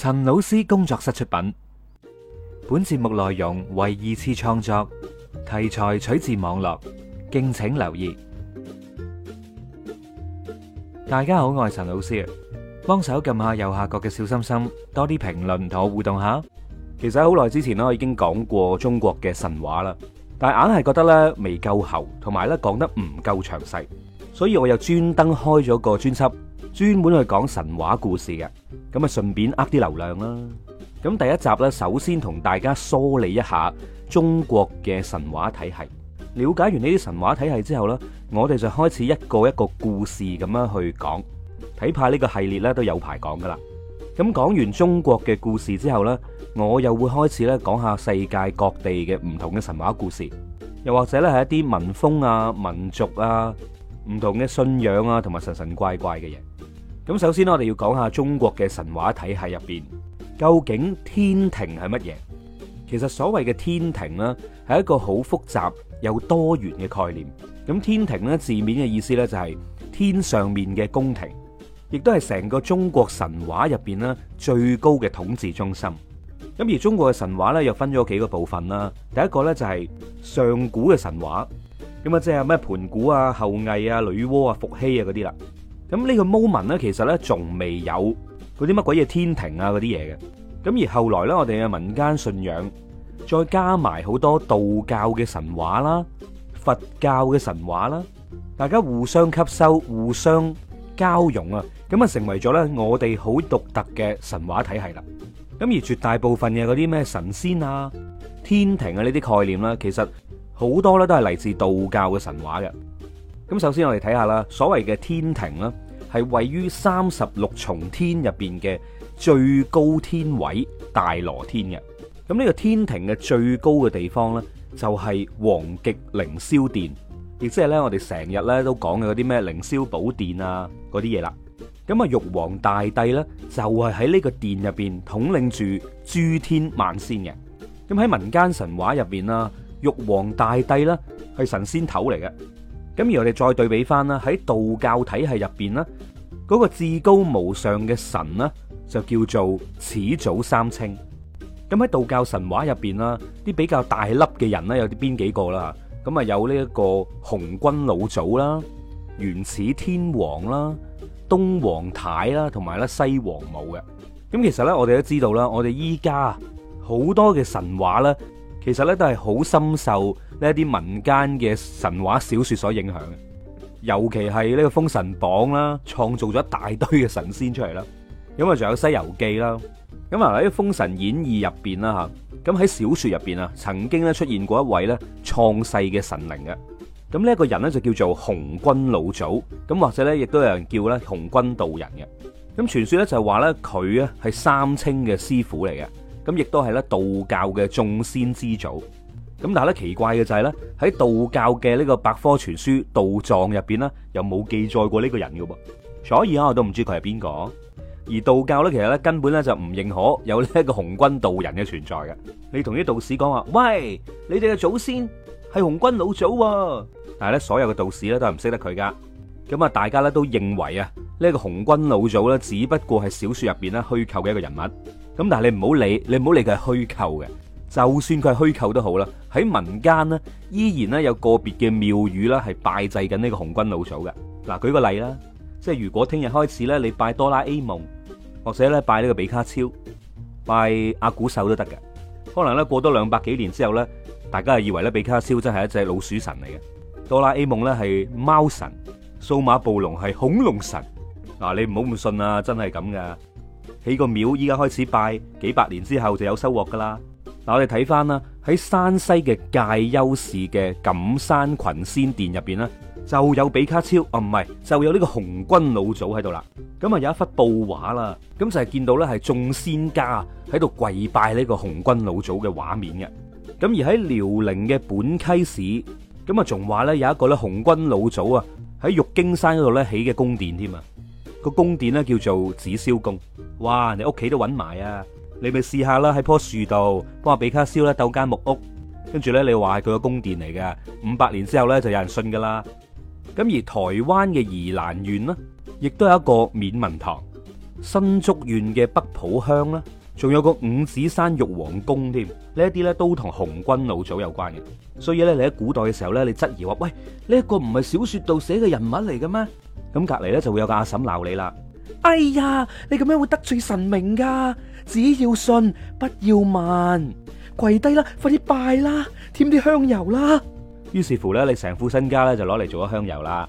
陳老師工作室出品，本節目內容為二次創作，題材取自網絡，敬請留意。大家好，我係陳老師，幫手撳下右下角嘅小心心，多啲評論同我互動下。其實喺好耐之前啦，我已經講過中國嘅神話啦，但係硬係覺得咧未夠喉，同埋咧講得唔夠詳細，所以我又專登開咗個專輯。專門去講神話故事嘅，咁啊，順便呃啲流量啦。咁第一集呢，首先同大家梳理一下中國嘅神話體系。了解完呢啲神話體系之後呢，我哋就開始一個一個故事咁樣去講。睇怕呢個系列呢都有排講噶啦。咁講完中國嘅故事之後呢，我又會開始咧講下世界各地嘅唔同嘅神話故事，又或者呢係一啲民風啊、民族啊、唔同嘅信仰啊，同埋神神怪怪嘅嘢。咁首先，我哋要講下中國嘅神話體系入邊，究竟天庭係乜嘢？其實所謂嘅天庭呢，係一個好複雜又多元嘅概念。咁天庭字面嘅意思呢，就係天上面嘅宮廷，亦都係成個中國神話入邊最高嘅統治中心。咁而中國嘅神話呢，又分咗幾個部分啦。第一個呢，就係上古嘅神話，咁啊即係咩盤古啊、后羿啊、女媧啊、伏羲啊嗰啲啦。咁呢個 moment 呢，其實呢，仲未有嗰啲乜鬼嘢天庭啊嗰啲嘢嘅。咁而後來呢，我哋嘅民間信仰再加埋好多道教嘅神話啦、佛教嘅神話啦，大家互相吸收、互相交融啊，咁啊成為咗呢我哋好獨特嘅神話體係啦。咁而絕大部分嘅嗰啲咩神仙啊、天庭啊呢啲概念啦，其實好多呢都係嚟自道教嘅神話嘅。咁首先我哋睇下啦，所謂嘅天庭啦，係位於三十六重天入邊嘅最高天位大羅天嘅。咁呢個天庭嘅最高嘅地方呢，就係黃極凌霄殿，亦即係呢，我哋成日呢都講嘅嗰啲咩凌霄寶殿啊嗰啲嘢啦。咁啊，玉皇大帝呢，就係喺呢個殿入邊統領住諸天萬仙嘅。咁喺民間神話入邊啦，玉皇大帝呢，係神仙頭嚟嘅。咁而我哋再對比翻啦，喺道教體系入邊咧，嗰個至高無上嘅神咧，就叫做始祖三清。咁喺道教神話入邊啦，啲比較大粒嘅人咧，有啲邊幾個啦？咁啊有呢一個鴻鈞老祖啦、元始天王啦、東皇太啦，同埋咧西王母嘅。咁其實咧，我哋都知道啦，我哋依家好多嘅神話咧。其實咧都係好深受呢一啲民間嘅神話小說所影響嘅，尤其係呢個《封神榜》啦，創造咗一大堆嘅神仙出嚟啦。咁啊，仲有《西遊記》啦。咁啊喺《封神演義》入邊啦吓，咁喺小說入邊啊，曾經咧出現過一位咧創世嘅神靈嘅。咁呢一個人咧就叫做鴻鈞老祖，咁或者咧亦都有人叫咧鴻鈞道人嘅。咁傳說咧就係話咧佢啊係三清嘅師傅嚟嘅。咁亦都係咧道教嘅眾仙之祖，咁但係咧奇怪嘅就係咧喺道教嘅呢個百科全書《道藏》入邊咧，又冇記載過呢個人噶噃所以啊，我都唔知佢係邊個。而道教咧，其實咧根本咧就唔認可有呢一個鴻鈞道人嘅存在嘅。你同啲道士講話，喂，你哋嘅祖先係鴻鈞老祖，但係咧所有嘅道士咧都係唔識得佢噶咁啊，大家咧都認為啊，呢一個鴻鈞老祖咧只不過係小說入邊咧虛構嘅一個人物。咁但係你唔好理，你唔好理佢係虛構嘅，就算佢係虛構都好啦。喺民間呢，依然咧有個別嘅廟宇啦，係拜祭緊呢個鴻鈞老祖嘅。嗱，舉個例啦，即係如果聽日開始咧，你拜哆啦 A 夢，或者咧拜呢個比卡超，拜阿古獸都得嘅。可能咧過多兩百幾年之後咧，大家係以為咧比卡超真係一隻老鼠神嚟嘅，哆啦 A 夢咧係貓神，數碼暴龍係恐龍神。嗱，你唔好唔信啊，真係咁噶。起、這個廟依家開始拜，幾百年之後就有收穫噶啦。嗱，我哋睇翻啦，喺山西嘅介休市嘅錦山群仙殿入邊咧，就有比卡超啊，唔係就有呢個鴻鈞老祖喺度啦。咁啊有一幅布畫啦，咁就係見到咧係眾仙家喺度跪拜呢個鴻鈞老祖嘅畫面嘅。咁而喺遼寧嘅本溪市，咁啊仲話咧有一個咧鴻鈞老祖啊喺玉京山嗰度咧起嘅宮殿添啊。宮殿咧叫做紫霄宮，哇！你屋企都揾埋啊，你咪試下啦，喺棵樹度幫阿比卡燒啦，鬥間木屋，跟住咧你話係佢個宮殿嚟嘅，五百年之後咧就有人信噶啦。咁而台灣嘅宜蘭縣呢，亦都有一個勉文堂，新竹縣嘅北埔鄉咧。仲有個五指山玉皇宮添，呢一啲咧都同鴻鈞老祖有關嘅，所以咧你喺古代嘅時候咧，你質疑話喂，呢一個唔係小說度寫嘅人物嚟嘅咩？咁隔籬咧就會有個阿嬸鬧你啦。哎呀，你咁樣會得罪神明噶，只要信不要慢，跪低啦，快啲拜啦，添啲香油啦。於是乎咧，你成副身家咧就攞嚟做咗香油啦。